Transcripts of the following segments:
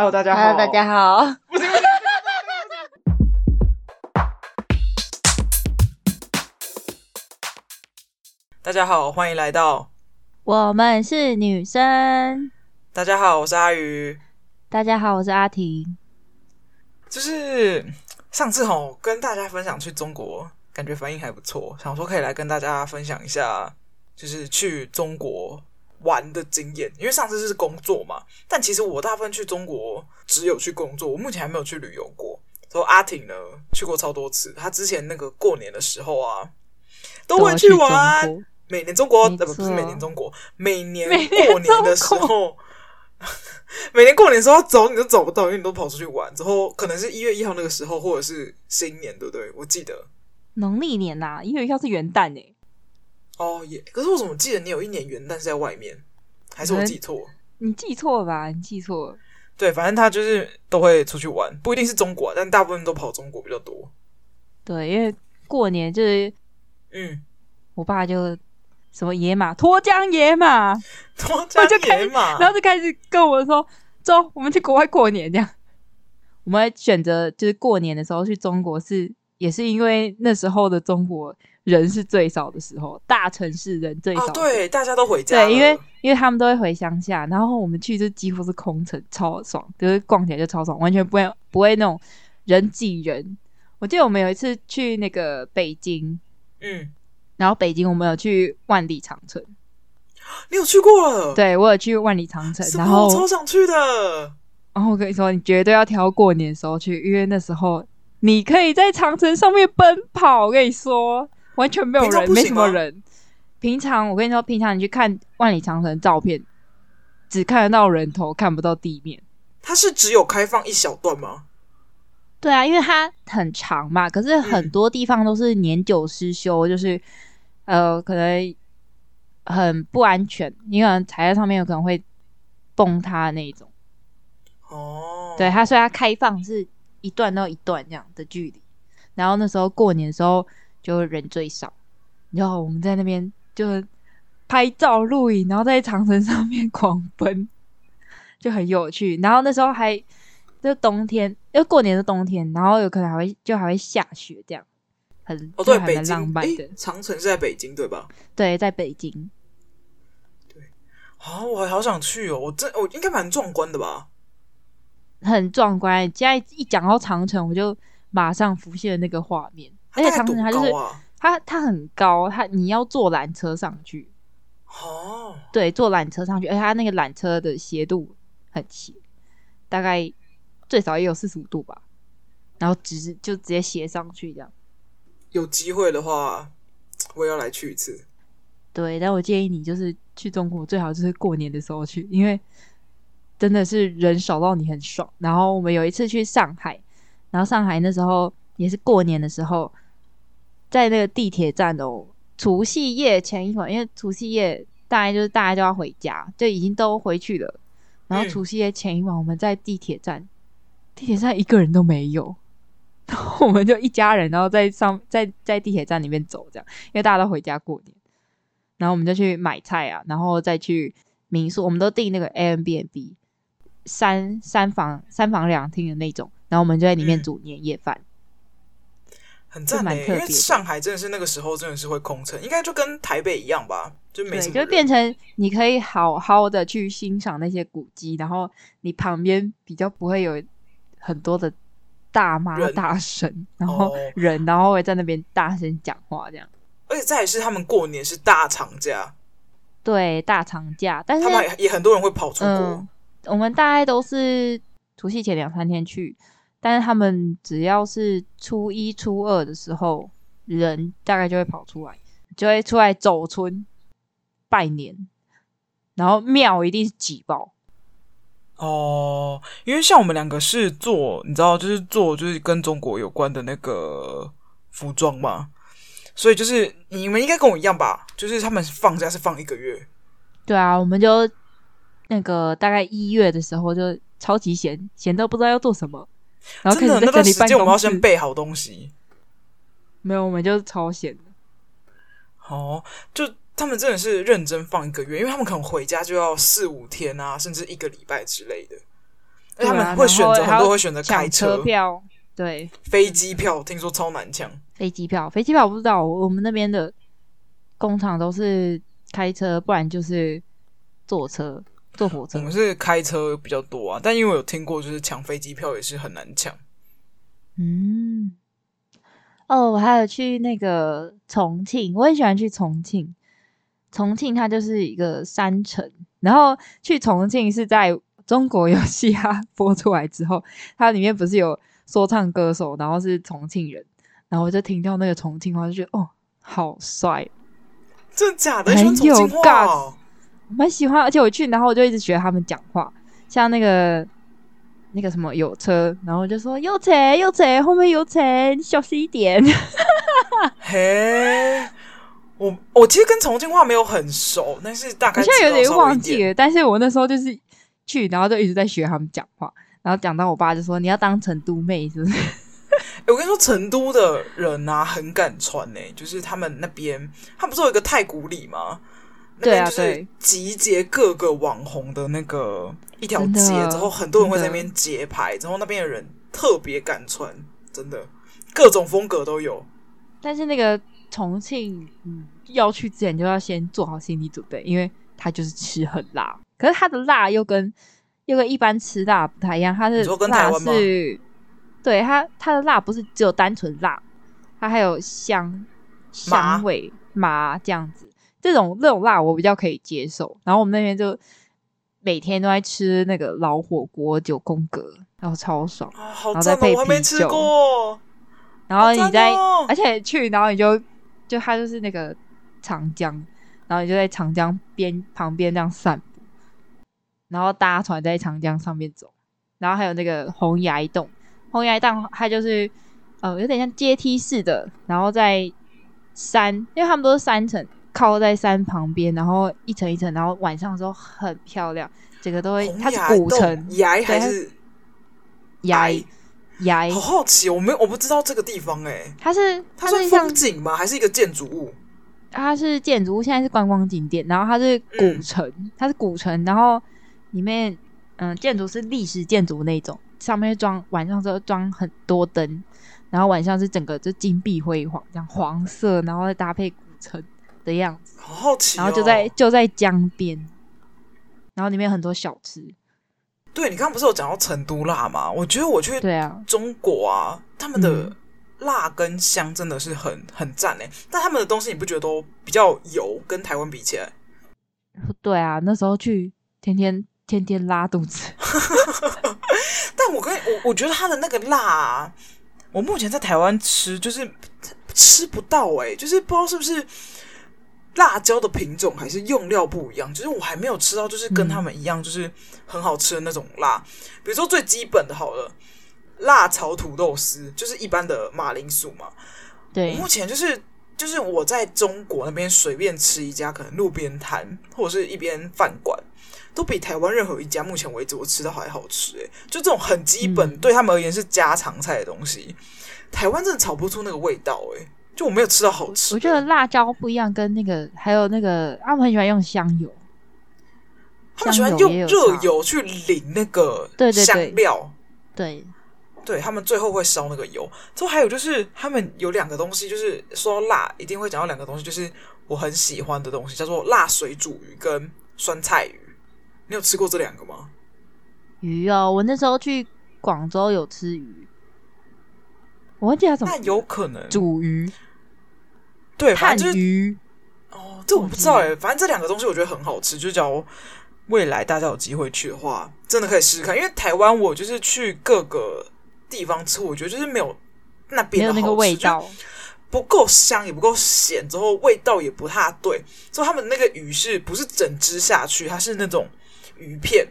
Hello，大家好。Hello, 大家好。 大家好，歡迎來到。我們是女生。大家好，我是阿魚。大家好，我是阿婷。就是上次吼跟大家分享去中國，感覺反應還不錯，想說可以來跟大家分享一下，就是去中國。玩的經驗，因為上次是工作嘛。但其實我大部分去中國只有去工作，我目前還沒有去旅遊過。所以阿婷呢，去過超多次。她之前那個過年的時候啊，都會去玩。去每年中國呃，不是每年中國，每年過年的時候，每年， 每年過年的時候走，你都走不到，因為你都跑出去玩。之後可能是一月一號那個時候，或者是新年，對不對？我記得農曆年吶、啊，一月一號是元旦呢、欸。哦耶，可是我怎麼記得你有一年元旦是在外面，還是我記錯、嗯？你記錯吧，你記錯。對，反正他就是都會出去玩，不一定是中國，但大部分都跑中國比較多。對，因為過年就是，嗯，我爸就什麼野馬、脫韁野馬，脫韁野馬，然後就開始跟我說：“走，我們去國外過年。”這樣，我們選擇就是過年的時候去中國是。也是因為那時候的中國人是最少的時候，大城市人最少。啊，對，大家都回家。對，因為因為他們都會回鄉下，然後我們去就幾乎是空城，超爽，就是逛起來就超爽，完全不會不會那種人擠人。我記得我們有一次去那個北京，嗯，然後北京我們有去萬里長城，你有去過了？對，我有去萬里長城，然後我超想去的。然後我跟你說，你絕對要挑過年的時候去，因為那時候，你可以在長城上面奔跑，我跟你說，完全沒有人，沒什麼人。平常我跟你說，平常你去看萬里長城照片，只看得到人頭，看不到地面。它是只有開放一小段嗎？對啊，因為它很長嘛，可是很多地方都是年久失修，嗯、就是呃，可能很不安全，你可能踩在上面有可能會崩塌的那一種。哦、oh，對，它雖然開放是一段到一段這樣的距離，然後那時候過年的時候就人最少，然後我們在那邊就拍照、錄影，然後在長城上面狂奔，就很有趣。然後那時候還就冬天，因為過年是冬天，然後有可能還會就還會下雪這樣，很，還蠻浪漫的。哦，對，哎、欸，長城是在北京對吧？對，在北京。對，啊、哦，我還好想去哦！我真我應該蠻壯觀的吧？很壯觀！現在一講到長城，我就馬上浮現了那個畫面，啊。而且長城它就是它，它很高，它你要坐纜車上去。哦、Oh.。對，坐纜車上去，而且它那個纜車的斜度很斜，大概最少也有四十五度吧，然後直就直接斜上去這樣。有機會的話，我也要來去一次。對，但我建議你就是去中國最好就是過年的時候去，因為，真的是人少到你很爽。然後我們有一次去上海，然後上海那時候也是過年的時候，在那個地鐵站哦，除夕夜前一晚，因為除夕夜大概就是大家都要回家，就已經都回去了。然後除夕夜前一晚，我們在地鐵站、嗯，地鐵站一個人都沒有，然後我們就一家人，然後在上在在地鐵站裡面走，這樣，因為大家都回家過年。然後我們就去買菜啊，然後再去民宿，我們都訂那個 Airbnb 三三房三房兩廳的那種，然後我們就在裡面煮年夜飯，嗯、很贊、欸，蠻特別。因為上海真的是那個時候真的是會空城，應該就跟台北一樣吧，就沒什麼人。就變成你可以好好的去欣賞那些古蹟，然後你旁邊比較不會有很多的大媽大嬸，然後人，哦、然後會在那邊大聲講話這樣。而且再來是他們過年是大長假，對，大長假，但是他們也很多人會跑出國。嗯我們大概都是除夕前兩三天去，但是他們只要是初一、初二的時候，人大概就會跑出來，就會出來走春拜年，然後廟一定是擠爆。哦，因為像我們兩個是做，你知道，就是做就是跟中國有關的那個服裝嘛，所以就是你們應該跟我一樣吧，就是他們放假是放一個月。對啊，我們就。那個大概一月的時候，就超級閒，閒到不知道要做什麼。然後可能那個時間我們要先備好東西。沒有，我們就是超閒的。哦，就他們真的是認真放一個月，因為他們可能回家就要四五天啊，甚至一個禮拜之類的。而且他們會選擇、啊、很多會選擇開車，車票，對飛機票，聽說超難搶。飛機票，飛機票我不知道，我，我們那邊的工廠都是開車，不然就是坐車。坐火車，我、嗯、們是開車比較多啊，但因為我有聽過，就是搶飛機票也是很難搶。嗯，哦，我還有去那個重慶，我也喜歡去重慶。重慶它就是一個山城，然後去重慶是在《中國有嘻哈》播出來之後，它裡面不是有說唱歌手，然後是重慶人，然後我就聽到那個重慶話，就覺得哦，好帥，真的假的？說重慶話。蠻喜歡，而且我去，然後我就一直學他們講話，像那個那個什麼有車，然後我就說有車有車，後面有車，你小心一點。嘿、 hey,，我我其實跟重慶話沒有很熟，但是大概現在有點忘記了，但是我那時候就是去，然後就一直在學他們講話，然後講到我爸就說，你要當成都妹，是不是？ hey, 我跟你說，成都的人啊，很敢穿誒、欸，就是他們那邊，他不是有一個太古里嗎？對啊，對集結各個網紅的那個一條街。之後很多人會在那邊街拍，之後那邊的人特別敢穿，真的各種風格都有。但是那個重慶，嗯，要去之前就要先做好心理準備，因為它就是吃很辣。可是它的辣又跟又跟一般吃辣不太一樣，它是辣是，跟台灣，對它它的辣不是只有單純辣，它還有香香味麻，麻這樣子。這種這種辣我比較可以接受，然後我們那邊就每天都在吃那個老火鍋九宮格，然後超爽，啊好哦、然後再配啤酒我沒吃過、哦，然後你在、哦、而且去然後你就就它就是那個長江，然後你就在長江邊旁邊這樣散步，然後搭船在長江上面走，然後還有那個洪崖洞，洪崖洞它就是呃有點像階梯式的，然後在山，因為它們都是山城。靠在山旁邊，然後一層一層，然後晚上的時候很漂亮，整個都會。它是古城，崖還是崖？崖？好好奇，我沒有我不知道這個地方哎、欸。它是它是風景嗎？還是一個建築物？它是建築物，現在是觀光景點。然後它是古城，嗯、它是古城，然後裡面嗯建築是歷史建築那種，上面裝晚上之後裝很多燈，然後晚上是整個就金碧輝煌，這樣黃色、嗯，然後再搭配古城的樣子，好好奇、哦。然後就在就在江邊，然後裡面很多小吃。對，你剛剛不是有講到成都辣嗎？我覺得我去對啊，中國啊，他們的辣跟香真的是很很讚嘞、欸嗯。但他們的東西你不覺得都比較油，跟台灣比起來？對啊，那時候去天天天天拉肚子。 但我跟我我覺得他的那個辣，啊，我目前在台灣吃就是吃不到哎、欸，就是不知道是不是。辣椒的品種還是用料不一樣，就是我還沒有吃到，就是跟他們一樣，就是很好吃的那種辣。嗯、比如說最基本的，好了，辣炒土豆絲，就是一般的馬鈴薯嘛。對。目前就是就是我在中國那邊隨便吃一家，可能路邊攤或者是一邊飯館，都比台灣任何一家目前為止我吃的還好吃、欸。哎，就這種很基本、嗯、對他們而言是家常菜的東西，台灣真的炒不出那個味道、欸，誒就我沒有吃到好吃我。我覺得辣椒不一樣，跟那個還有那個，他們很喜歡用香油，香油他們喜歡用熱油去淋那個香料。對對、對、對、對，他們最後會燒那個油。最後還有就是，他們有兩個東西，就是說辣一定會講到兩個東西，就是我很喜歡的東西，叫做辣水煮魚跟酸菜魚。你有吃過這兩個嗎？魚啊、哦，我那時候去廣州有吃魚，我問他怎麼但有可能煮魚？對，反正就是，哦，這我不知道哎。反正這兩個東西我覺得很好吃，就假如未來大家有機會去的話，真的可以試試看。因為台灣我就是去各個地方吃，我覺得就是沒有那邊的好吃，那個味道，不夠香，也不夠鹹，之後味道也不太對。所以他們那個魚是不是整隻下去？它是那種魚片，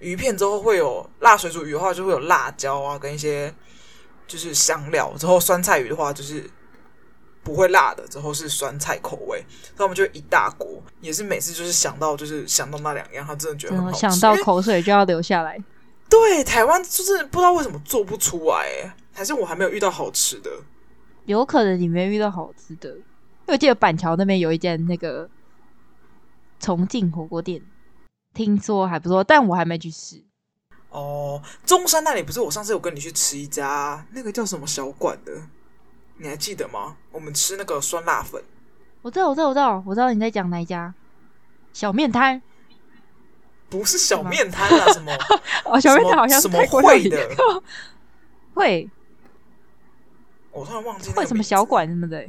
魚片之後會有辣水煮魚的話就會有辣椒啊，跟一些就是香料。之後酸菜魚的話就是。不會辣的，之後是酸菜口味，我們就一大鍋，也是每次就是想到就是想到那兩樣，他真的覺得很好吃，想到口水就要流下來。對，台灣就是不知道為什麼做不出來，還是我還沒有遇到好吃的，有可能你沒遇到好吃的，因為我記得板橋那邊有一間那個重慶火鍋店，聽說還不錯，但我還沒去吃。哦，中山那裡不是我上次有跟你去吃一家，那個叫什麼小館的。你還記得嗎？我們吃那個酸辣粉，我知道，我知道，我知道，我知道你在講哪一家小麵攤，不是小麵攤啊？是什,麼 什麼？哦，小麵攤好像什麼,什麼會的， 會。我突然忘記了，會什麼小館什麼的，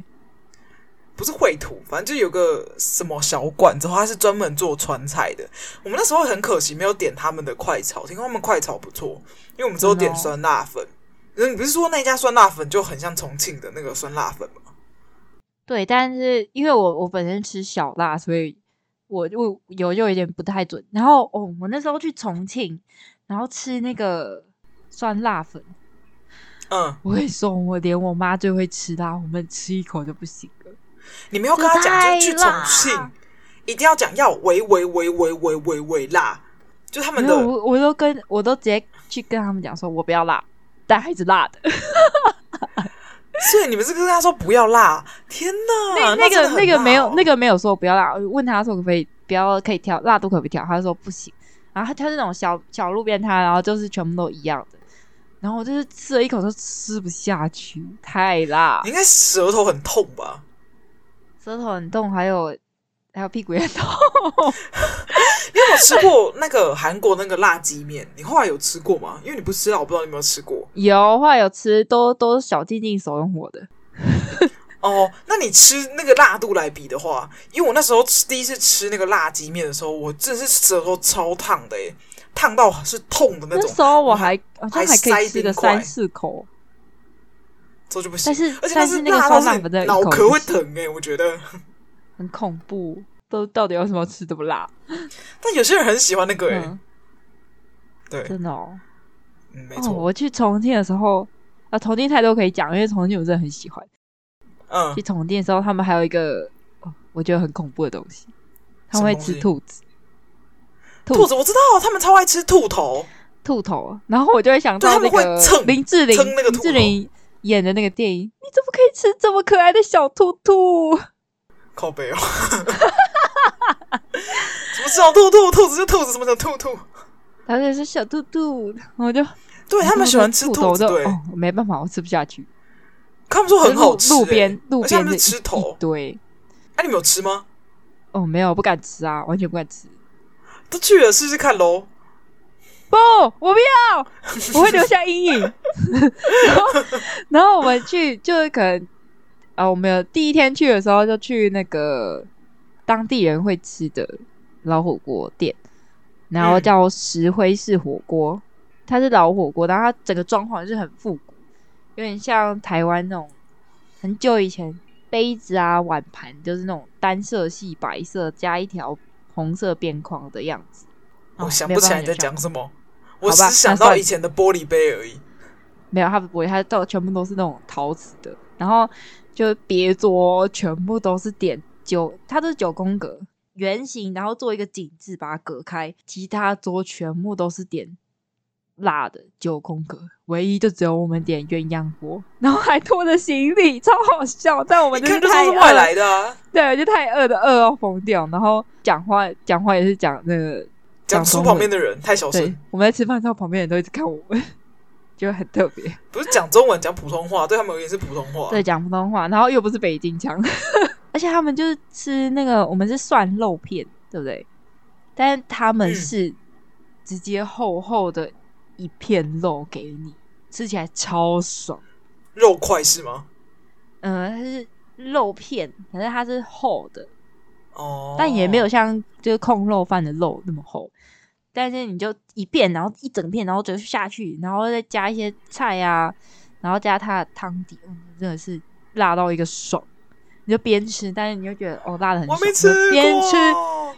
不是繪土，反正就有個什麼小館子的話，它是專門做川菜的。我們那時候很可惜沒有點他們的快炒，聽說他們快炒不錯，因為我們只有點酸辣粉。你不是說那家酸辣粉就很像重慶的那個酸辣粉嗎？對，但是因為我我本身吃小辣，所以我我有,有就有點不太準。然後哦，我那時候去重慶，然後吃那個酸辣粉，嗯，我跟你說，我連我媽最會吃辣，我們吃一口就不行了。你沒有跟他講，就是去重慶，一定要講要微,微微微微微微微辣，就他們都，我都跟我都直接去跟他們講，說我不要辣。.但還是辣的 是你們是不是跟他說不要辣？天吶！那個那個，喔、那個沒有，那個沒有說不要辣。問他說可不可以不要，可以調辣度，可不可以調？他說不行。然後他，他那種小小路邊攤，然後就是全部都一樣的，然後我就是吃了一口都吃不下去，太辣，應該舌頭很痛吧？舌頭很痛，還有。還有屁股也痛，因為我吃過那個韓國那個辣雞麵，你後來有吃過嗎？因為你不吃了，我不知道你有沒有吃過。有後來有吃，都都是小靜靜慫恿我的。 哦，那你吃那個辣度來比的話，因為我那時候吃第一次吃那個辣雞面的時候，我真的是舌頭超燙的哎、欸，燙到是痛的那種。那時候我還我還,還可以吃個三四口，這就不行。但是而且但是那個酸辣粉的腦殼會疼哎、欸，我覺得。很恐怖，都到底要什麼吃這麼辣、嗯？但有些人很喜歡那個、欸嗯，對，真的哦、喔嗯，沒錯、哦。我去重慶的時候，啊，重慶菜都可以講，因為重慶我真的很喜歡。嗯，去重慶的時候，他們還有一個、哦、我覺得很恐怖的東西，他們會吃兔子。兔子，我知道，他們超愛吃兔頭，兔頭。然後我就會想到那個林志玲，撐那個林志玲演的那個電影，你怎麼可以吃這麼可愛的小兔兔？靠背哦 怎麼小兔兔，兔子是兔子，怎麼講兔兔？而且是小兔兔，我就對他們喜歡吃兔頭，我、哦、沒辦法，我吃不下去。他們說很好吃、欸，路，路邊路邊吃頭，對，哎，啊、你們有吃嗎？哦，沒有，不敢吃啊，完全不敢吃。都去了試試看嘍。不，我不要， 我會留下陰影。 然後，然後我們去，就是可能。啊，我們有第一天去的時候就去那個當地人會吃的老火鍋店，然後叫石灰市火鍋、嗯，它是老火鍋，但它整個裝潢是很復古，有點像台灣那種很久以前杯子啊碗盤，就是那種單色系白色加一條紅色邊框的樣子。我想不起來你在講什麼，我只是想到以前的玻璃杯而已。哦沒，而已嗯嗯、沒有，它不會它，它全部都是那種陶瓷的，然後。就別桌全部都是點九，它都是九宮格圓形，然後做一個井字把它隔開，其他桌全部都是點辣的九宮格，唯一就只有我們點鴛鴦鍋，然後還拖着行李，超好笑，在我們這邊就是外來的啊，對，就太餓的餓要、哦、瘋掉，然後講話講話也是講那個講書旁邊的人太小聲，我們在吃飯的時候，旁邊人都一直看我們。就很特別，不是講中文講 普通話，對他們而言是普通話。對，講普通話，然後又不是北京腔， 而且他們就是吃那個，我們是蒜肉片，對不對？但他們是直接厚厚的一片肉給你，嗯、吃起來超爽。肉塊是嗎？嗯、呃，它是肉片，反正它是厚的哦，oh. 但也沒有像就是控肉飯的肉那麼厚。但是你就一片，然後一整片，然後就下去，然後再加一些菜啊，然後加它的湯底，嗯，真的是辣到一個爽。你就邊吃，但是你就覺得哦，辣的很。我沒吃。邊吃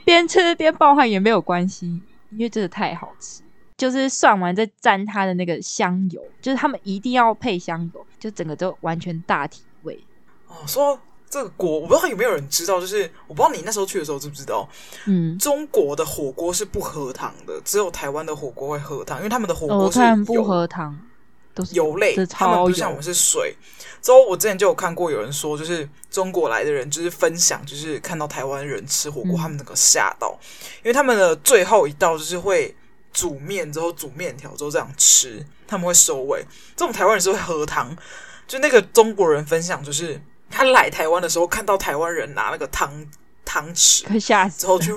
邊吃邊爆汗也沒有關係，因為真的太好吃。就是涮完再沾它的那個香油，就是他們一定要配香油，就整個就完全大體味。哦，說。這個鍋，我不知道有沒有人知道，就是我不知道你那時候去的時候知不知道，嗯，中國的火鍋是不喝湯的，只有台灣的火鍋會喝湯，因為他們的火鍋是、哦、不喝湯，都是油類是油，他們不像我們是水。之後我之前就有看過有人說，就是中國來的人就是分享，就是看到台灣人吃火鍋、嗯，他們能夠嚇到，因為他們的最後一道就是會煮麵，之後煮麵條之後這樣吃，他們會收尾。這種台灣人是會喝湯，就那個中國人分享就是。他來台灣的時候，看到台灣人拿那個湯湯匙嚇死，之後去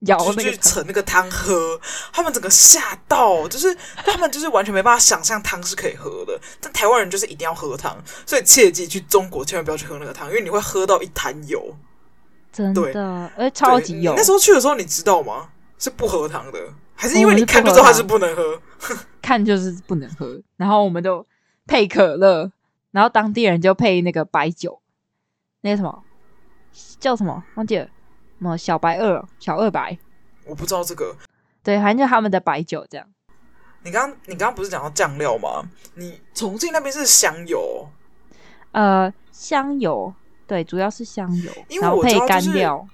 舀，那個，去盛那個湯喝，他們整個嚇到，就是 他們就是完全沒辦法想象湯是可以喝的。但台灣人就是一定要喝湯，所以切記去中國千萬不要去喝那個湯，因為你會喝到一灘油。真的，而且超級油。那時候去的時候，你知道嗎？是不喝湯的，還是因為你看就知道他是不能喝？哦、喝 看就是不能喝。然後我們就配可樂。然後當地人就配那個白酒，那個什麼叫什麼？忘記了，什麼小白二小二白？我不知道這個。對，反正就他們的白酒這樣。你剛剛，你剛剛不是講到醬料嗎？你重慶那邊是香油。呃，香油對，主要是香油。因為我配乾料，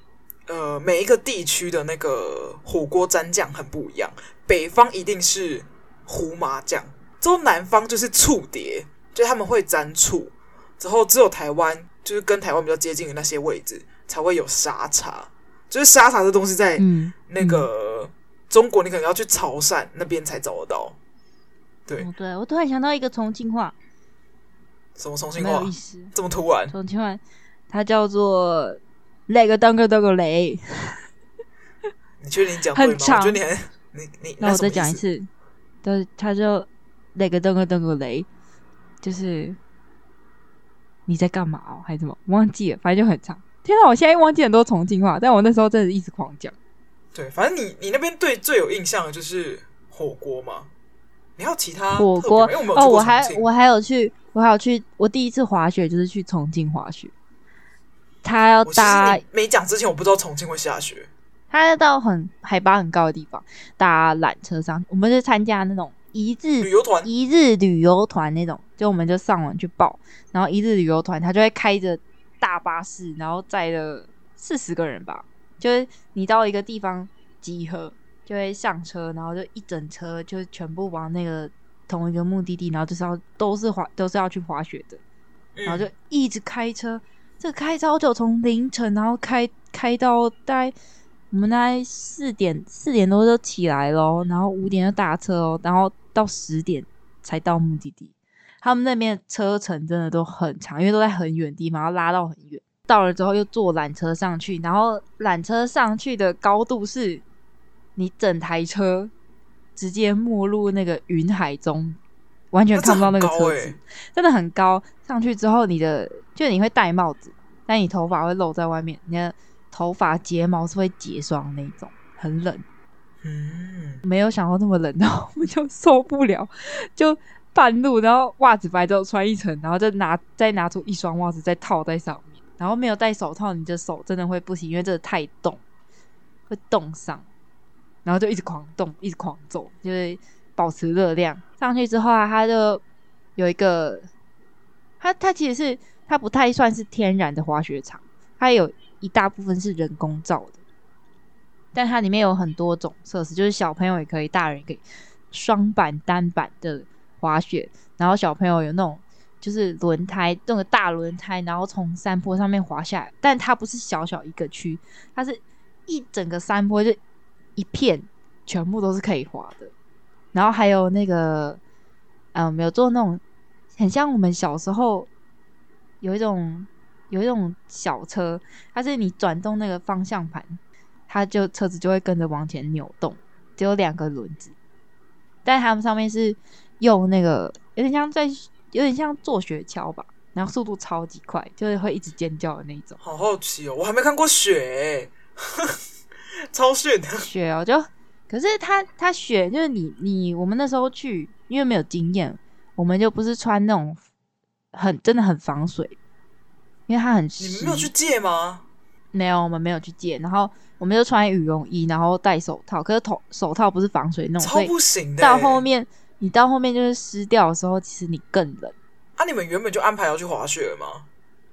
就是。呃，每一個地區的那個火鍋蘸醬很不一樣。北方一定是胡麻醬，中南方就是醋碟。就他們會沾醋，之後只有台灣，就是跟台灣比較接近的那些位置，才會有沙茶。就是沙茶這東西，在那個、嗯嗯、中國，你可能要去潮汕那邊才找得到。對、哦，對，我突然想到一個重慶話，什麼重慶話？這麼突然？重慶話，它叫做雷個東個東個雷。你確定你講很長？你你那我再講一次， 是對，他就雷個東個東個雷。就是你在幹嘛哦、喔，還是什麼？忘記了，反正就很長。天吶，我現在忘記很多重慶話，但我那時候真的一直狂講。對，反正你你那邊對最有印象的就是火鍋嗎？沒有其他火鍋，哦，我還我還有去我還有去，我，還有去我第一次滑雪就是去重慶滑雪，他要搭沒講之前我不知道重慶會下雪，他要到很海拔很高的地方搭纜車上，我們是參加那種。一日一日旅遊團那種，就我們就上網去報，然後一日旅遊團他就會開着大巴士，然後載了四十個人吧。就是你到一個地方集合，就會上車，然後就一整車就全部往那個同一個目的地，然後就是要都是滑都是要去滑雪的、嗯，然後就一直開車，這個、開車就從凌晨然後開開到大概。我們大概四點四點多就起來咯，然後五點就打車哦，然後到十點才到目的地。他們那邊車程真的都很長，因為都在很遠地方，要拉到很遠。到了之後又坐纜車上去，然後纜車上去的高度是，你整台車直接沒入那個雲海中，完全看不到那個車子，欸、真的很高。上去之後你的就你會戴帽子，但你頭髮會露在外面。你看。頭髮、睫毛是會結霜那種，很冷。嗯，沒有想到那麼冷哦，然後我們就受不了。就半路，然後襪子白，就穿一層，然後再拿再拿出一雙襪子再套在上面。然後沒有戴手套，你的手真的會不行，因為真的太凍，會凍傷。然後就一直狂動，一直狂走，就是保持熱量。上去之後啊，它就有一個，它它其實是它不太算是天然的滑雪場，它有。一大部分是人工造的，但它裡面有很多種設施，就是小朋友也可以，大人也可以，雙板、單板的滑雪。然後小朋友有那種就是輪胎，那個大輪胎，然後從山坡上面滑下來，但它不是小小一個區，它是一整個山坡，就一片全部都是可以滑的。然後還有那個，嗯，沒有做那種，很像我們小時候有一種。有一種小車，它是你轉動那個方向盤，它就車子就會跟着往前扭動，只有兩個輪子，但它們上面是用那個有點像在有點像坐雪橇吧，然後速度超級快，就是會一直尖叫的那種。好好奇哦，我還沒看過雪，欸， 超炫的雪哦！就可是它它雪就是你你我們那時候去，因為沒有經驗，我們就不是穿那種很真的很防水。因為他很，濕，你們沒有去借嗎？沒有，我們沒有去借。然後我們就穿羽絨衣，然後戴手套。可是頭手套不是防水那種，超不行的。到後面你到後面就是濕掉的時候，其實你更冷。啊！你們原本就安排要去滑雪了嗎？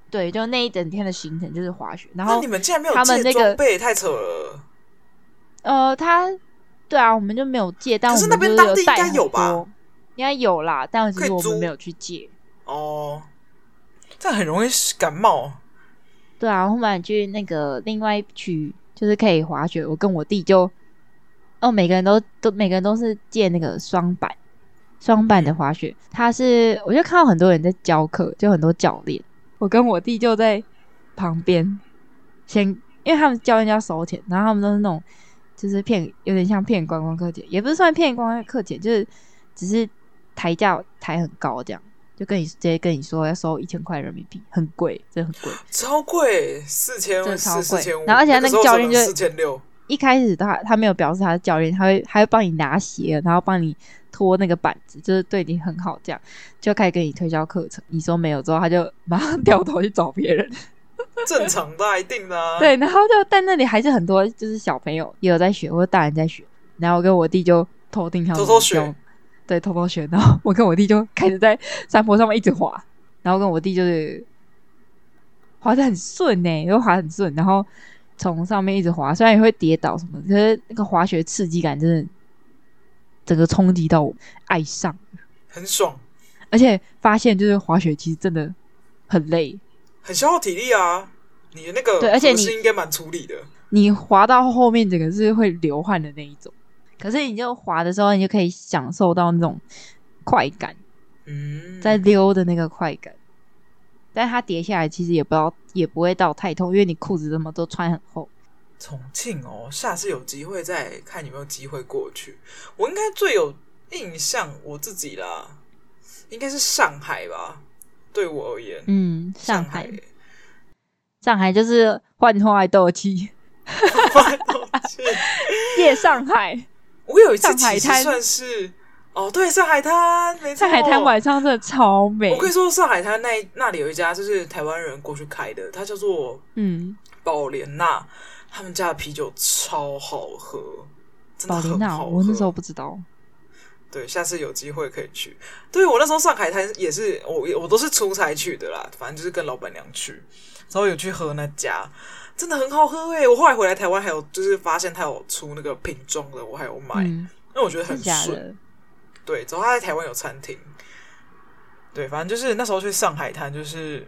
對，就那一整天的行程就是滑雪。然後他們、那個、那你們竟然沒有借裝備，太扯了。呃，他對啊，我們就沒有借，但我們就是，有戴很多，可是那邊當地應該有吧？應該有啦，但是就是我們沒有去借哦。這很容易感冒。對啊，後面去那個另外一區，就是可以滑雪。我跟我弟就，哦，每個人都都每個人都是借那個雙板，雙板的滑雪。嗯。他是，我就看到很多人在教課，就很多教練。我跟我弟就在旁邊，先因為他們教人家收錢，然後他們都是那種，就是騙，有點像騙觀光客錢，也不是算騙觀光客錢，就是只是抬價抬很高這樣。就跟你直接跟你說要收一千塊人民幣，很貴，真很貴，超貴，四千五，超貴。然後而且那個教練就四千六。一開始他他沒有表示他是教練，他會他會幫你拿鞋，然後幫你拖那個板子，就是對你很好，這樣就開始跟你推銷課程。你說沒有之後，他就馬上掉頭去找別人。正常還、啊，那一定啦，對，然後就但那裡還是很多，就是小朋友也有在學，或者大人在學。然後我跟我弟就偷聽他們在，偷偷學，然後我跟我弟就開始在山坡上面一直滑，然後跟我弟就是滑的很順，哎，又滑得很順，然後從上面一直滑，雖然也會跌倒什麼，可是那個滑雪刺激感真的整個衝擊到我愛上，很爽，而且發現就是滑雪其實真的很累，很消耗體力啊。你的那個的對，而且你是應該蠻出力的，你滑到後面整個是會流汗的那一種。可是你就滑的時候，你就可以享受到那種快感，嗯，在溜的那個快感。但它跌下來其實也不要，也不會到太痛，因為你褲子這麼多，都穿很厚。重慶哦，下次有機會再看有沒有機會過去。我應該最有印象我自己啦，應該是上海吧？對我而言，嗯，上海，上海就是幻化鬥氣，幻化鬥氣，夜、 yeah, 上海。我有一次去上海灘，算是。哦，對，上海灘沒錯。上海灘晚上真的超美。我可以說上海灘那那裡有一家，就是台灣人過去開的，它叫做寶嗯寶蓮娜，他們家的啤酒超好喝，真的很好喝。我那時候不知道，對，下次有機會可以去。對，我那時候上海灘也是，我我都是出差去的啦，反正就是跟老闆娘去，然後有去喝那家。真的很好喝哎、欸！我後來回來台灣，還有就是發現他有出那個瓶裝的，我還有買、嗯，因為我覺得很順。對，然後他在台灣有餐廳。對，反正就是那時候去上海灘，就是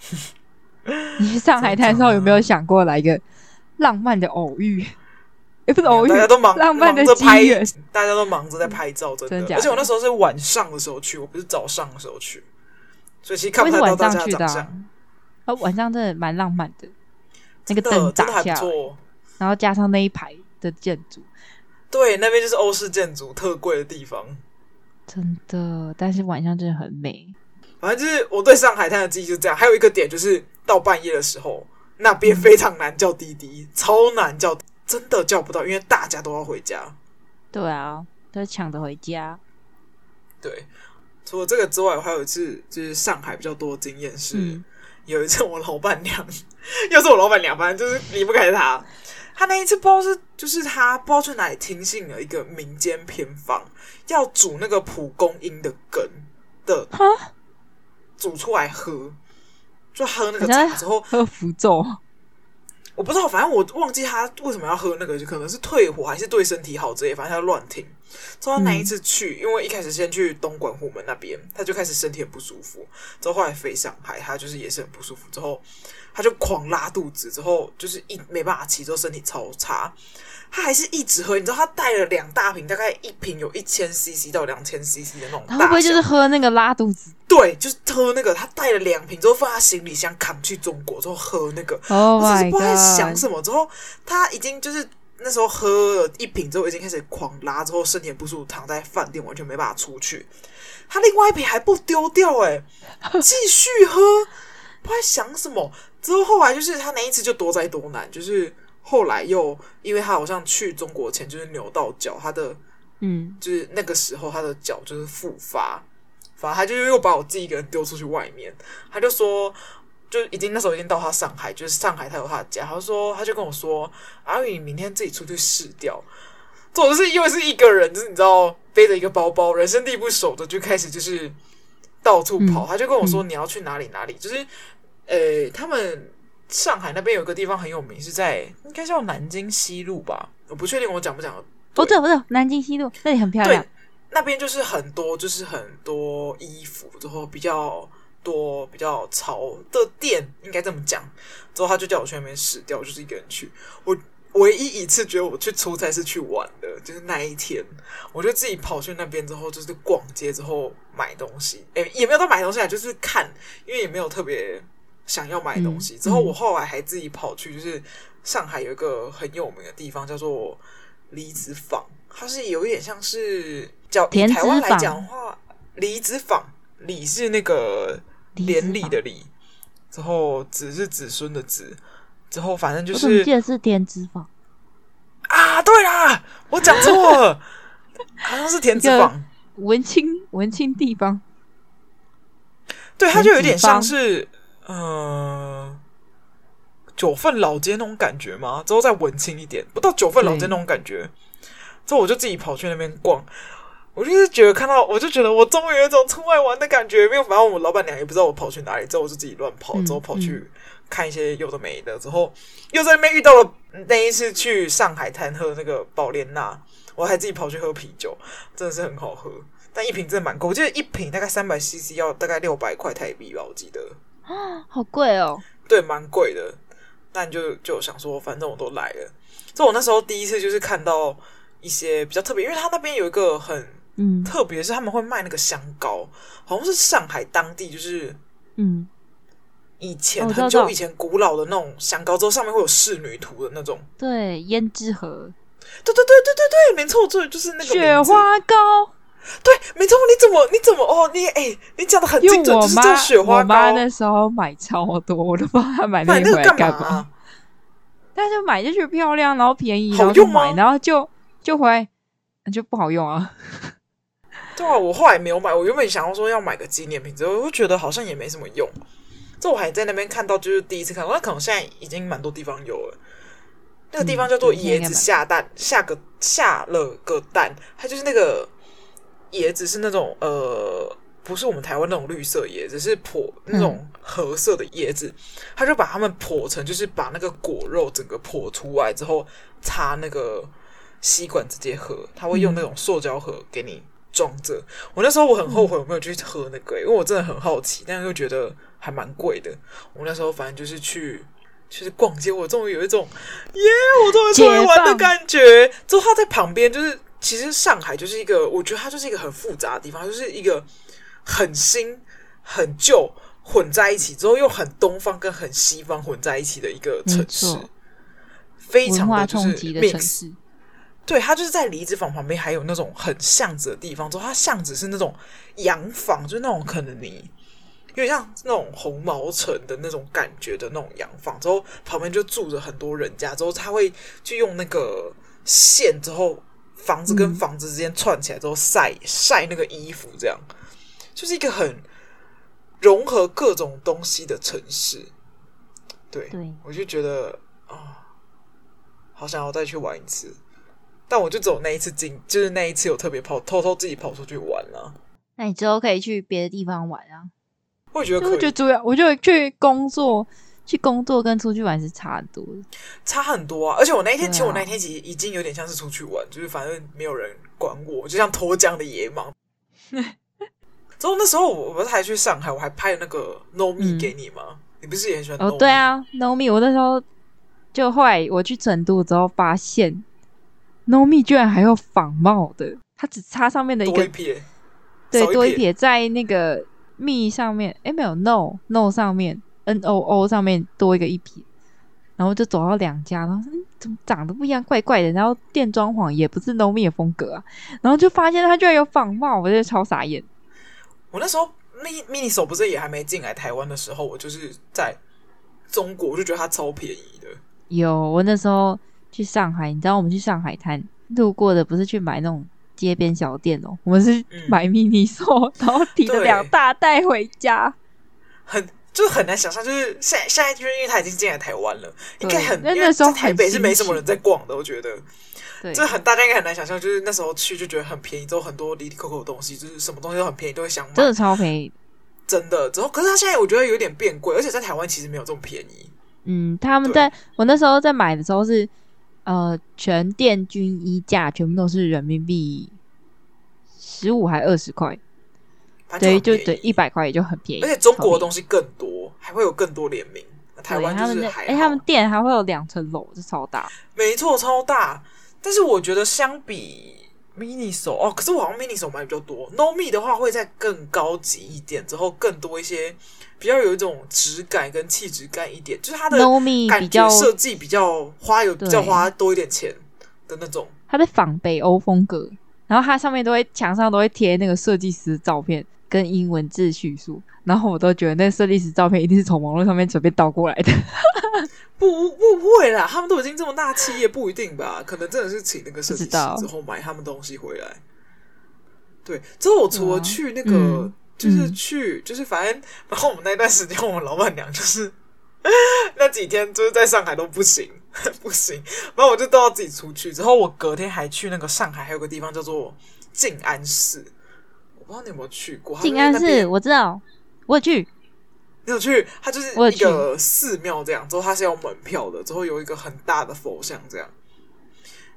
你去上海灘的時候有沒有想過來一個浪漫的偶遇？也、欸、不是偶遇，大家都忙，浪漫的忙着拍，大家都忙着在拍照真的，真假的。而且我那時候是晚上的時候去，我不是早上的時候去，所以其實看不太到大家的長相。晚上真的蠻浪漫的。那個燈打下來還不錯，然後加上那一排的建築，對，那邊就是歐式建築特貴的地方，真的。但是晚上真的很美，反正就是我對上海灘的記憶就是這樣。還有一個點就是，到半夜的時候，那邊非常難叫滴滴、嗯，超難叫，真的叫不到，因為大家都要回家。對啊，都搶着回家。對，除了這個之外，我還有一次就是上海比較多的經驗是。嗯有一次，我老闆娘，又是我老闆娘，反正就是離不開她。她那一次不知道是，就是她不知道去哪裡聽信了一個民間偏方，要煮那個蒲公英的梗的，煮出來喝，就喝那個茶之後喝符咒。我不知道，反正我忘記她為什麼要喝那個，就可能是退火還是對身體好之類，反正她亂聽。從他哪一次去，嗯？因為一開始先去東莞虎門那邊，他就開始身體很不舒服。之後後來飛上海，他就是也是很不舒服。之後他就狂拉肚子，之後就是一沒辦法吃，之後身體超差。他還是一直喝，你知道他帶了兩大瓶，大概一瓶有一千 CC 到兩千 CC 的那種大小。他會不會就是喝那個拉肚子？對，就是喝那個。他帶了兩瓶，之後放他行李箱扛去中國，之後喝那個。就，oh，是不太想什麼？之後他已經就是。那時候喝了一瓶之後，已經開始狂拉，之後身體不舒服，躺在飯店，完全沒辦法出去。他另外一瓶還不丟掉、欸，哎，繼續喝，不知道想什麼。之後後來就是他那一次就多災多難，就是後來又因為他好像去中國前就是扭到腳，他的嗯，就是那個時候他的腳就是復發，反正他就又把我自己一個人丟出去外面，他就說。就已經那時候已經到他上海，就是上海，他有他的家。他說，他就跟我說：“阿、啊、姨，明天自己出去試掉。”總之是因為是一個人，就是你知道，背着一個包包，人生地不熟的，就開始就是到處跑。嗯、他就跟我說：“嗯、你要去哪裡？哪裡？”就是，呃，他們上海那邊有一個地方很有名，是在應該叫南京西路吧？我不確定我講不講。不對，不對，南京西路那裡很漂亮。那邊就是很多，就是很多衣服，之後比較。多比較潮的店，應該這麼講。之後他就叫我去那邊死掉，我就是一個人去。我唯一一次覺得我去出差是去玩的，就是那一天，我就自己跑去那邊，之後就是逛街，之後買東西，哎、欸，也沒有到買東西啊，就是看，因為也沒有特別想要買東西、嗯。之後我後來還自己跑去，就是上海有一個很有名的地方叫做離子坊，它是有一點像是叫台灣來講的話，離子坊，李是那個。連理的“理”，之後“子”是子孫的“子”，之後反正就是我記得是田子坊啊！對啦，我講錯了， 好像是田子坊，文青文青地方。對，它就有點像是嗯、呃、九份老街那種感覺嘛，之後再文青一點，不到九份老街那種感覺，之後我就自己跑去那邊逛。我就是覺得看到，我就覺得我終於有一種出外玩的感覺。沒有，反正我們老闆娘也不知道我跑去哪裡，之後我就自己亂跑，之後跑去看一些有的沒的，之後又在那邊遇到了那一次去上海灘喝那個寶蓮娜，我還自己跑去喝啤酒，真的是很好喝。但一瓶真的蠻貴，我記得一瓶大概三百 CC 要大概六百塊台幣吧，我記得。啊，好貴哦！對，蠻貴的。但就就想說，反正我都來了。就我那時候第一次就是看到一些比較特別，因為他那邊有一個很。 嗯，嗯哦嗯啊、特別是他們會賣那個香膏，好像是上海當地就是嗯，以前很久以前古老的那種香膏，之後上面會有仕女圖的那種，對，胭脂盒，對對對對對對，沒錯，這就是那個雪花膏，對，沒錯，你怎麼你怎麼哦，你哎，你講的很精準就，就是雪花膏，我媽那時候買超多，我都不知道她買那，買那個幹嘛。啊？但是買就是漂亮，然後便宜、然後，好用嗎就買，然後就就回來就不好用啊。對啊，我後來沒有買。我原本想要說要買個紀念品，之後就覺得好像也沒什麼用。這我還在那邊看到，就是第一次看到，那可能現在已經蠻多地方有了。那個地方叫做椰子下蛋，下個下了個蛋，它就是那個椰子是那種呃，不是我們台灣那種綠色椰子，是剖那種褐色的椰子。他就把它們剖成，就是把那個果肉整個剖出來之後，插那個吸管直接喝。他會用那種塑膠盒給你。裝着，我那時候我很後悔，我沒有去喝那個、欸嗯，因為我真的很好奇，但是又覺得還蠻貴的。我那時候反正就是去，就是逛街，我終於有一種耶，yeah, 我終於出來玩的感覺。之後他在旁邊，就是其實上海就是一個，我覺得它就是一個很複雜的地方，就是一個很新很舊混在一起，之後又很東方跟很西方混在一起的一個城市，非常的就是 mix 文化衝擊的城市。對，他就是在離子坊旁邊，還有那種很巷子的地方。之後，它巷子是那種洋房，就是那種可能你有點像那種紅毛城的那種感覺的那種洋房。之後，旁邊就住着很多人家。之後，他會去用那個線，之後房子跟房子之間串起來，之後曬曬、嗯、那個衣服，這樣就是一個很融合各種東西的城市。對，對我就覺得啊、哦，好想要再去玩一次。但我就走那一次進，就是那一次有特別跑，偷偷自己跑出去玩了、啊。那你之後可以去別的地方玩啊？我覺得可，我、就是、覺得主要，我覺得去工作，去工作跟出去玩是差很多，差很多啊！而且我那一天、啊、其實我那一天已經有點像是出去玩，就是反正沒有人管我，就像脫韁的野馬。 之後那時候我不是還去上海，我還拍了那個糯米給你嗎、嗯？你不是也喜歡、Nomi? 哦？對啊，糯米。我那時候就後來我去成都之後發現。No me 居然還有仿冒的，它只差上面的一個，一對，多一撇在那個 me 上面，哎沒有 no no 上面 n o o 上面多一個一撇，然後就走到兩家，然後怎麼長得不一樣，怪怪的，然後店裝潢也不是 no me 的風格啊，然後就發現它居然有仿冒，我覺得超傻眼。我那時候 mi mini 手不是也還沒進來台灣的時候，我就是在中國，我就覺得它超便宜的。有我那時候。去上海，你知道我們去上海灘路過的不是去買那種街邊小店哦，我們是買 MINISO、嗯，然後提了兩大袋回家。很就很難想象，就是現現在，就是因為他已經進來台灣了，應該很因為那時候台北是沒什麼人在逛的，我覺得。對，這很大家應該很難想象，就是那時候去就覺得很便宜，之後很多利利口口的東西，就是什麼東西都很便宜，都會想買，真的超便宜，真的。之後可是他現在我覺得有點變貴，而且在台灣其實沒有這麼便宜。嗯，他們在我那時候在買的時候是。呃，全店均一價全部都是人民幣十五還二十塊，對，就對一百塊也就很便宜。而且中國的東西更多，還會有更多聯名。台灣就是海，哎、欸，他們店還會有兩層樓，就超大，沒錯，超大。但是我覺得相比。MINISO 哦，可是我好像 MINISO 買比較多。Nomi 的話會再更高級一點，之後更多一些，比較有一種質感跟氣質感一點，就是它的 Nomi 比較設計比較花，有比較花多一點錢的那種。它的仿北歐風格，然後它上面都會牆上都會貼那個設計師照片。跟英文字敘述，然後我都覺得那設計師照片一定是從網絡上面隨便倒過來的。 不不，不會啦，他們都已經這麼大企業，也不一定吧。可能真的是請那個設計師之後買他們東西回來。對，之後我除了去那個，就是去、嗯，就是反正，然後我們那段時間，我們老闆娘就是 那幾天就是在上海都不行， 不行，然後我就都要自己出去。之後我隔天還去那個上海，還有個地方叫做靜安寺。我不知道你有沒有去過靜安寺，我知道，我有去，你有去？它就是一個寺廟這樣，之後它是要門票的，之後有一個很大的佛像這樣。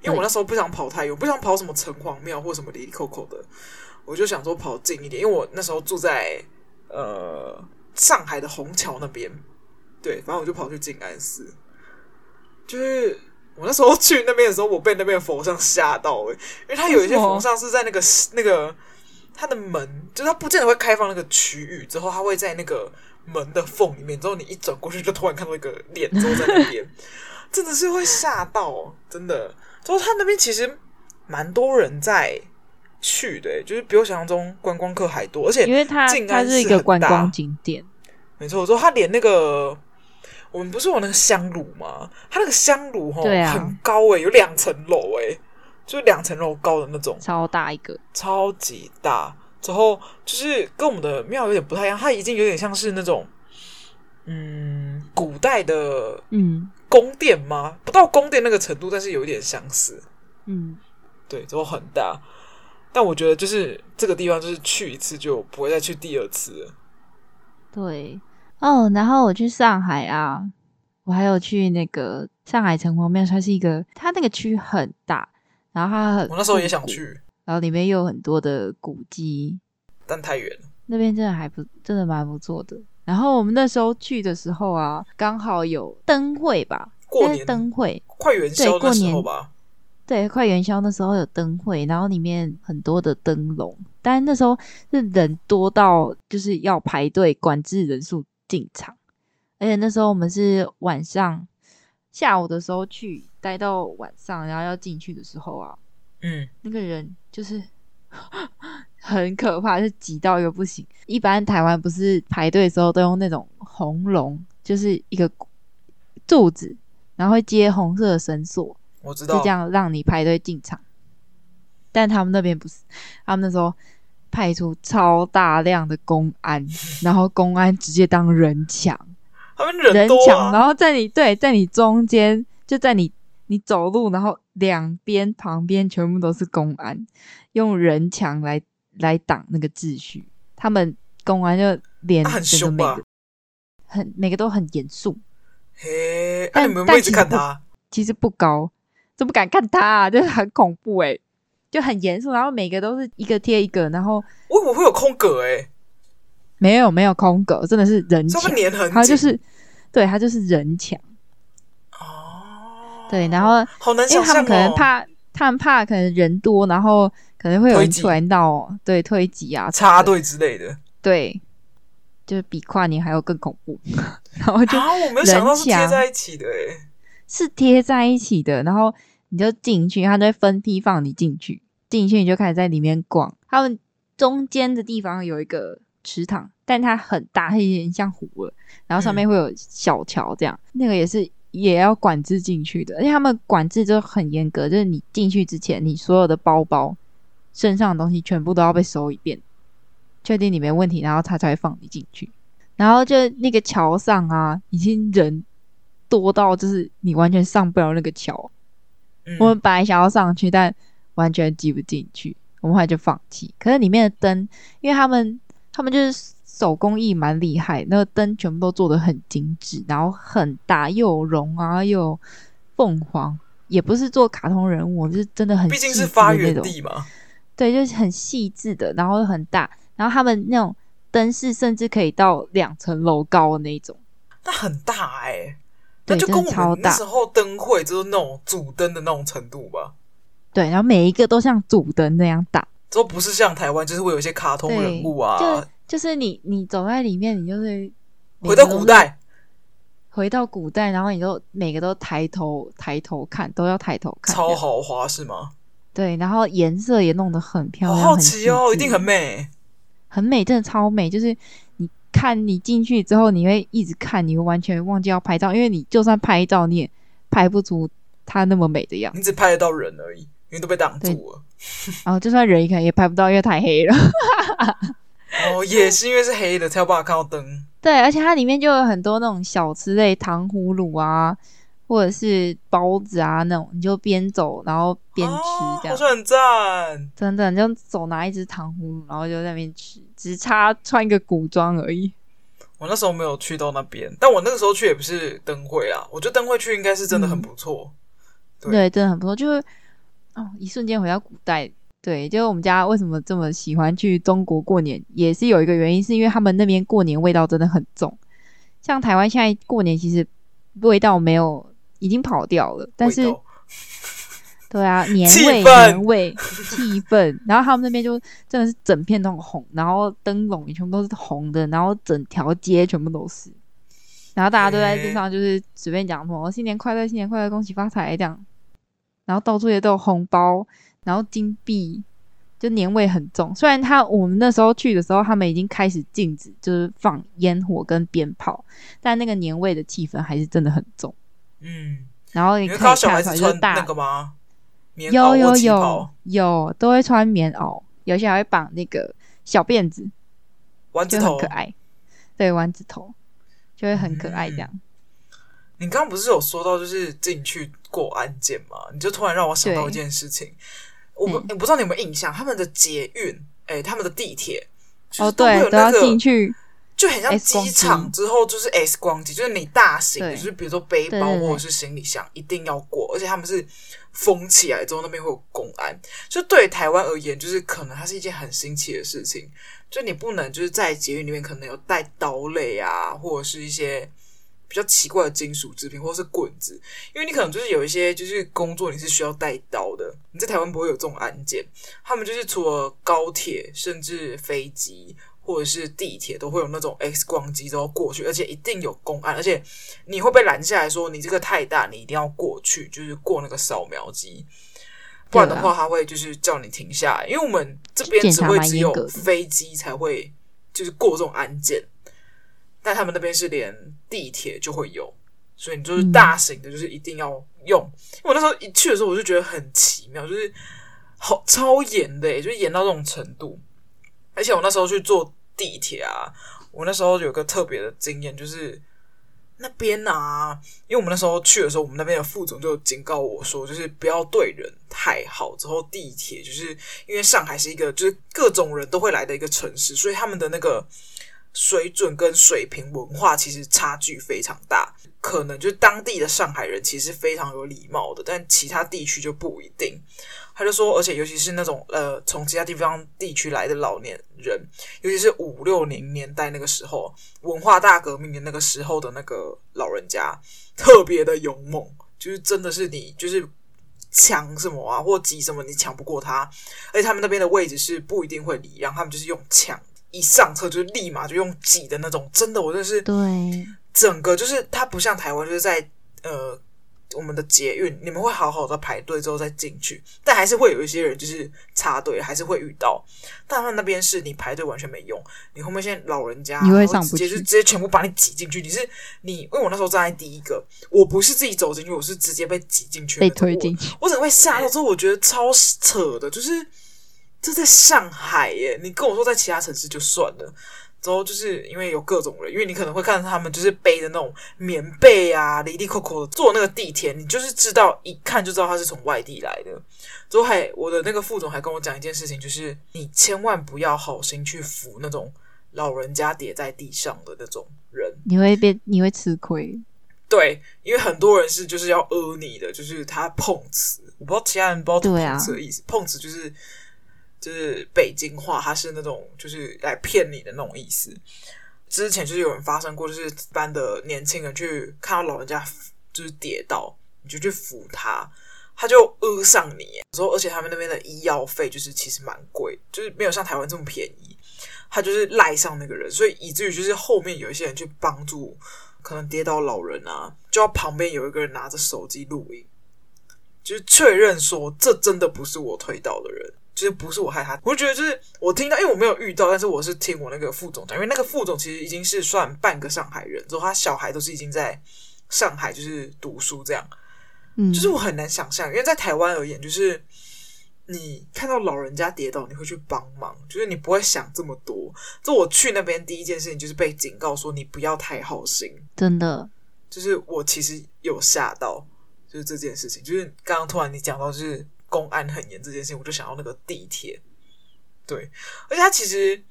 因為我那時候不想跑太遠，我不想跑什麼城隍廟或什麼離離扣扣的，我就想說跑近一點。因為我那時候住在呃上海的虹橋那邊，對，反正我就跑去靜安寺。就是我那時候去那邊的時候，我被那邊的佛像嚇到了欸，因為它有一些佛像是在那個那個。它的門就是它不見得會開放那個區域，之後它會在那個門的縫裡面，之後你一走過去就突然看到一個臉就在那邊， 真的是會嚇到，真的。之後它那邊其實蠻多人在去的，欸，就是比我想象中觀光客還多，而且因為它它是一個觀光景點，沒錯。我說它連那個我們不是有那個香爐嗎？它那個香爐齁，啊、很高誒、欸，有兩層樓誒。就兩層樓高的那種，超大一個，超級大。之後就是跟我們的廟有點不太一樣，它已經有點像是那種，嗯，古代的嗯宮殿嗎？嗯、不到宮殿那個程度，但是有一點相似。嗯，對，之後很大。但我覺得就是這個地方，就是去一次就不會再去第二次。對，哦，然後我去上海啊，我還有去那個上海城隍廟，它是一個，它那個區很大。然後他很，我那時候也想去。然後裡面又有很多的古蹟，但太遠了。那邊真的還不，真的蠻不錯的。然後我們那時候去的時候啊，剛好有燈會吧，過年燈會，快元宵那時候。對，過年吧。對，快元宵那時候有燈會，然後裡面很多的燈籠，但那時候是人多到就是要排隊管制人數進場，而且那時候我們是晚上下午的時候去。待到晚上，然後要進去的時候啊，嗯，那個人就是很可怕，就擠到一個不行。一般台灣不是排隊的時候都用那種紅龍，就是一個柱子，然後會接紅色的繩索，我知道，就這樣讓你排隊進場。但他們那邊不是，他們那時候派出超大量的公安， 然後公安直接當人牆，他們人多、啊、人牆，然後在你對，在你中間，就在你。你走路，然後兩邊旁邊全部都是公安，用人牆來來擋那個秩序。他們公安就臉，啊、很凶吧，啊？每個都很嚴肅。嘿，啊、你們沒去看他其？其實不高，都不敢看他，啊，就是很恐怖哎，欸，就很嚴肅。然後每個都是一個貼一個，然後我為什麼會有空格，欸？哎，沒有沒有空格，真的是人牆。年很他就是對他就是人牆。對，然後、哦好難哦，因為他們可能怕，他們怕可能人多，然後可能會有人傳到，對，推擠啊，插隊之類的，對，就是比跨年還要更恐怖。 然後就人，後、啊、我沒有想到是貼在一起的、欸，是貼在一起的，然後你就進去，他就會分批放你進去，進去你就開始在裡面逛。他們中間的地方有一個池塘，但它很大，它有點像湖了，然後上面會有小橋，這樣、嗯、那個也是。也要管制進去的，因為他們管制就很嚴格，就是你進去之前，你所有的包包、身上的東西全部都要被搜一遍，確定你沒問題，然後他才會放你進去。然後就那個橋上啊，已經人多到就是你完全上不了那個橋。嗯，我們本來想要上去，但完全擠不進去，我們後來就放棄。可是裡面的燈，因為他們他們就是。手工藝蠻厲害，那個燈全部都做的很精緻，然後很大又有龍啊，又有鳳凰，也不是做卡通人物，就是真的很細緻的那種。畢竟是發源地嘛，對，就是很細緻的，然後很大，然後他們那種燈飾甚至可以到兩層樓高的那種。那很大哎、欸，那就跟我們那時候燈會就是那種主燈的那種程度吧。對，然後每一個都像主燈那樣大，都不是像台灣，就是會有一些卡通人物啊。就是你，你走在裡面，你就是回到古代，回到古代，然後你就每個都抬頭，抬頭看，都要抬頭看。超豪華是嗎？對，然後顏色也弄得很漂亮，好好奇哦，一定很美，很美，真的超美。就是你看你進去之後，你會一直看，你會完全忘記要拍照，因為你就算拍照你也拍不出它那麼美的樣子，你只拍得到人而已，因為都被擋住了。然後就算人一看也拍不到，因為太黑了。 哦，也是因為是黑的，才有辦法看到燈。 對，而且它裡面就有很多那種小吃類，糖葫蘆啊，或者是包子啊那種，你就邊走然後邊吃，這樣，不、哦、覺很讚。真的，你就手拿一隻糖葫蘆，然後就在那邊吃，只差穿一個古裝而已。我那時候沒有去到那邊，但我那個時候去也不是燈會啊。我覺得燈會去應該是真的很不錯、嗯，對，真的很不錯，就是、哦、一瞬間回到古代。對，就是我們家為什麼這麼喜歡去中國過年，也是有一個原因，是因為他們那邊過年味道真的很重。像台灣現在過年其實味道沒有，已經跑掉了。但是，對啊年，年味、年味、氣氛， 然後他們那邊就真的是整片都紅，然後燈籠也全部都是紅的，然後整條街全部都是，然後大家都在路上就是隨便講什麼、嗯“新年快樂，新年快樂，恭喜發財”這樣，然後到處也都有紅包。然後金幣就年味很重，雖然他，我們那時候去的時候，他們已經開始禁止就是放煙火跟鞭炮，但那個年味的氣氛還是真的很重。嗯，然後你看到小孩子穿那個嗎？棉襖、有、有、有，有都會穿棉襖，有些還會綁那個小辮子，丸子頭就很可愛。對，丸子頭就會很可愛。這樣、嗯，你剛剛不是有說到就是進去過安檢嗎？你就突然讓我想到一件事情。我們，我不知道你們有沒有印象，欸、他們的捷運，哎、欸，他們的地鐵，哦，對，都要進去，就很像機場，之後就是 X 光機。嗯，就是你大型，就是比如說背包或者是行李箱一定要過，而且他們是封起來之後那邊會有公安。就對台灣而言，就是可能它是一件很新奇的事情，就你不能就是在捷運裡面可能有帶刀類啊，或者是一些。比較奇怪的金屬製品或者是棍子，因為你可能就是有一些就是工作你是需要帶刀的，你在台灣不會有這種安檢。他們就是除了高鐵、甚至飛機或者是地鐵都會有那種 X 光機都要過去，而且一定有公安，而且你會被攔下來說，你這個太大，你一定要過去，就是過那個掃描機。不然的話，他會就是叫你停下來，因為我們這邊只會只有飛機才會就是過這種安檢，但他們那邊是連。地鐵就會有，所以你就是大型的，就是一定要用。因為我那時候一去的時候，我就覺得很奇妙，就是好超嚴的，就是嚴到這種程度。而且我那時候去坐地鐵啊，我那時候有個特別的經驗，就是那邊啊，因為我們那時候去的時候，我們那邊的副總就警告我說，就是不要對人太好。之後地鐵就是因為上海是一個就是各種人都會來的一個城市，所以他們的那個。水準跟水平文化其實差距非常大，可能就是當地的上海人其實是非常有禮貌的，但其他地區就不一定。他就說，而且尤其是那種呃、從其他地方地區來的老年人，尤其是五六零年代那個時候，文化大革命的那個時候的那個老人家，特別的勇猛，就是真的是你就是搶什麼啊或擠什麼，你搶不過他，而且他們那邊的位置是不一定會禮讓，他們就是用搶。一上車就立馬就用擠的那種，真的我就是，對，整個就是它不像台灣，就是在呃我們的捷運，你們會好好的排隊之後再進去，但還是會有一些人就是插隊，還是會遇到。但他們那邊是你排隊完全沒用，你後面先老人家，你會上不去。然後直接就直接全部把你擠進去。你是你，因為我那時候站在第一個，我不是自己走進去，我是直接被擠進去，被推進去。我怎麼會嚇到之後我覺得超扯的，就是。這在上海耶！你跟我說在其他城市就算了。之後就是因為有各種人，因為你可能會看到他們就是背着那種棉被啊，離離扣扣的坐那個地鐵，你就是知道一看就知道他是從外地來的。之後還我的那個副總還跟我講一件事情，就是你千萬不要好心去扶那種老人家跌在地上的那種人，你會變你會吃虧。對，因為很多人是就是要訛你的，就是他碰瓷。我不知道其他人不知道碰瓷的意思，對啊，碰瓷就是。就是北京話，他是那種就是來騙你的那種意思。之前就是有人發生過，就是一般的年輕人去看到老人家就是跌倒，你就去扶他，他就訛上你、啊。說，而且他們那邊的醫藥費就是其實蠻貴，就是沒有像台灣這麼便宜。他就是賴上那個人，所以以至於就是後面有一些人去幫助，可能跌倒老人啊，就要旁邊有一個人拿着手機錄音，就是確認說這真的不是我推倒的人。其實不是我害他，我就覺得就是我聽到，因為我沒有遇到，但是我是聽我那個副總講，因為那個副總其實已經是算半個上海人，所以他小孩都是已經在上海就是讀書這樣。嗯，就是我很難想象，因為在台灣而言，就是你看到老人家跌倒，你會去幫忙，就是你不會想這麼多。就我去那邊第一件事情就是被警告說你不要太好心，真的。就是我其實有嚇到，就是這件事情，就是剛剛突然你講到就是。公安很嚴這件事情，我就想要那個地鐵。對，而且他其實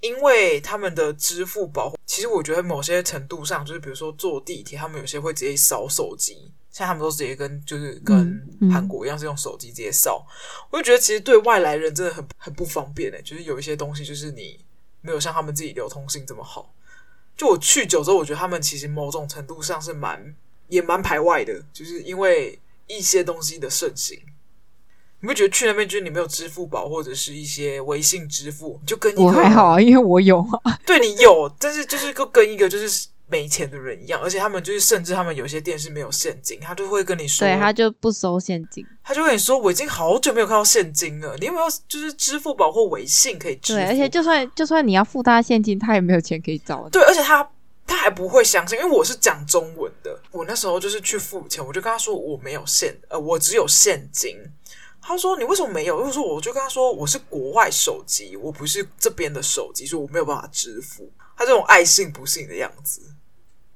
因為他們的支付寶，其實我覺得某些程度上，就是比如說坐地鐵，他們有些會直接掃手機，像他們都直接跟就是跟韓國一樣是用手機直接掃。我就覺得其實對外來人真的很很不方便嘞、欸，就是有一些東西就是你沒有像他們自己流通性這麼好。就我去久之後，我覺得他們其實某種程度上是蠻也蠻排外的，就是因為一些東西的盛行。你不覺得去那邊就是你沒有支付寶或者是一些微信支付，你就跟一個我還好啊，因為我有，啊。對，你有，但是就是跟一個就是沒錢的人一樣，而且他們就是甚至他們有些店是沒有現金，他就會跟你說，對，他就不收現金，他就會跟你說我已經好久沒有看到現金了，你有沒有就是支付寶或微信可以支付？對，而且就算，就算你要付他現金，他也沒有錢可以找的。對，而且他他還不會相信，因為我是講中文的。我那時候就是去付錢，我就跟他說我沒有現，呃，我只有現金。他說：“你為什麼沒有？”就是說：“我就跟他說，我是國外手機，我不是這邊的手機，所以我沒有辦法支付。”他這種愛信不信的樣子，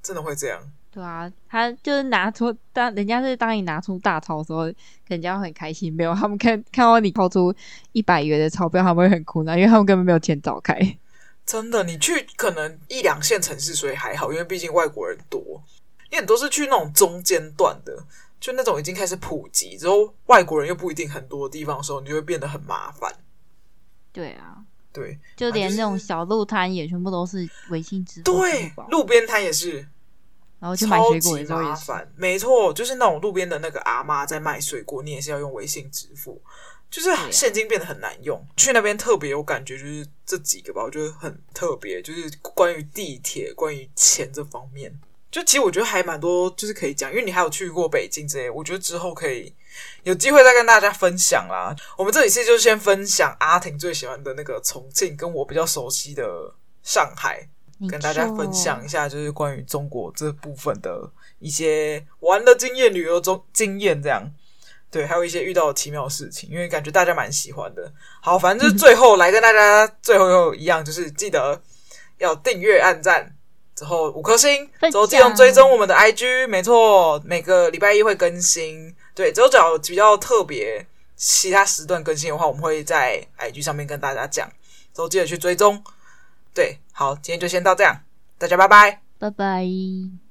真的會這樣？對啊，他就是拿出當人家是當你拿出大鈔的時候，人家很開心；沒有，他們看看到你掏出一百元的鈔票，他們會很苦惱，因為他們根本沒有錢找開。真的，你去可能一兩線城市，所以還好，因為畢竟外國人多。因為你都是去那種中間段的。就那種已經開始普及，之後外國人又不一定很多的地方的時候，你就會變得很麻煩。對啊，對，就連那種小路攤也全部都是微信支付對、啊就是，對，路邊攤也是。然後去買水果也是超級麻煩，沒錯，就是那種路邊的那個阿媽在賣水果，你也是要用微信支付，就是現金變得很難用。啊、去那邊特別有感覺，就是這幾個吧，我覺得很特別，就是關於地鐵、關於錢這方面。就其實我覺得還蠻多，就是可以講，因為你還有去過北京之類，我覺得之後可以有機會再跟大家分享啦。我們這一次就先分享阿婷最喜歡的那個重慶，跟我比較熟悉的上海，跟大家分享一下，就是關於中國這部分的一些玩的經驗、旅遊中經驗這樣。對，還有一些遇到的奇妙的事情，因為感覺大家蠻喜歡的。好，反正就是最後、嗯、來跟大家最後又一樣，就是記得要訂閱、按贊。之後五顆星，之後記得追蹤我們的 IG，沒錯，每個禮拜一會更新。對，之後只要比較特別其他時段更新的話，我們會在 IG 上面跟大家講，之後記得去追蹤。對，好，今天就先到這樣，大家拜拜，拜拜。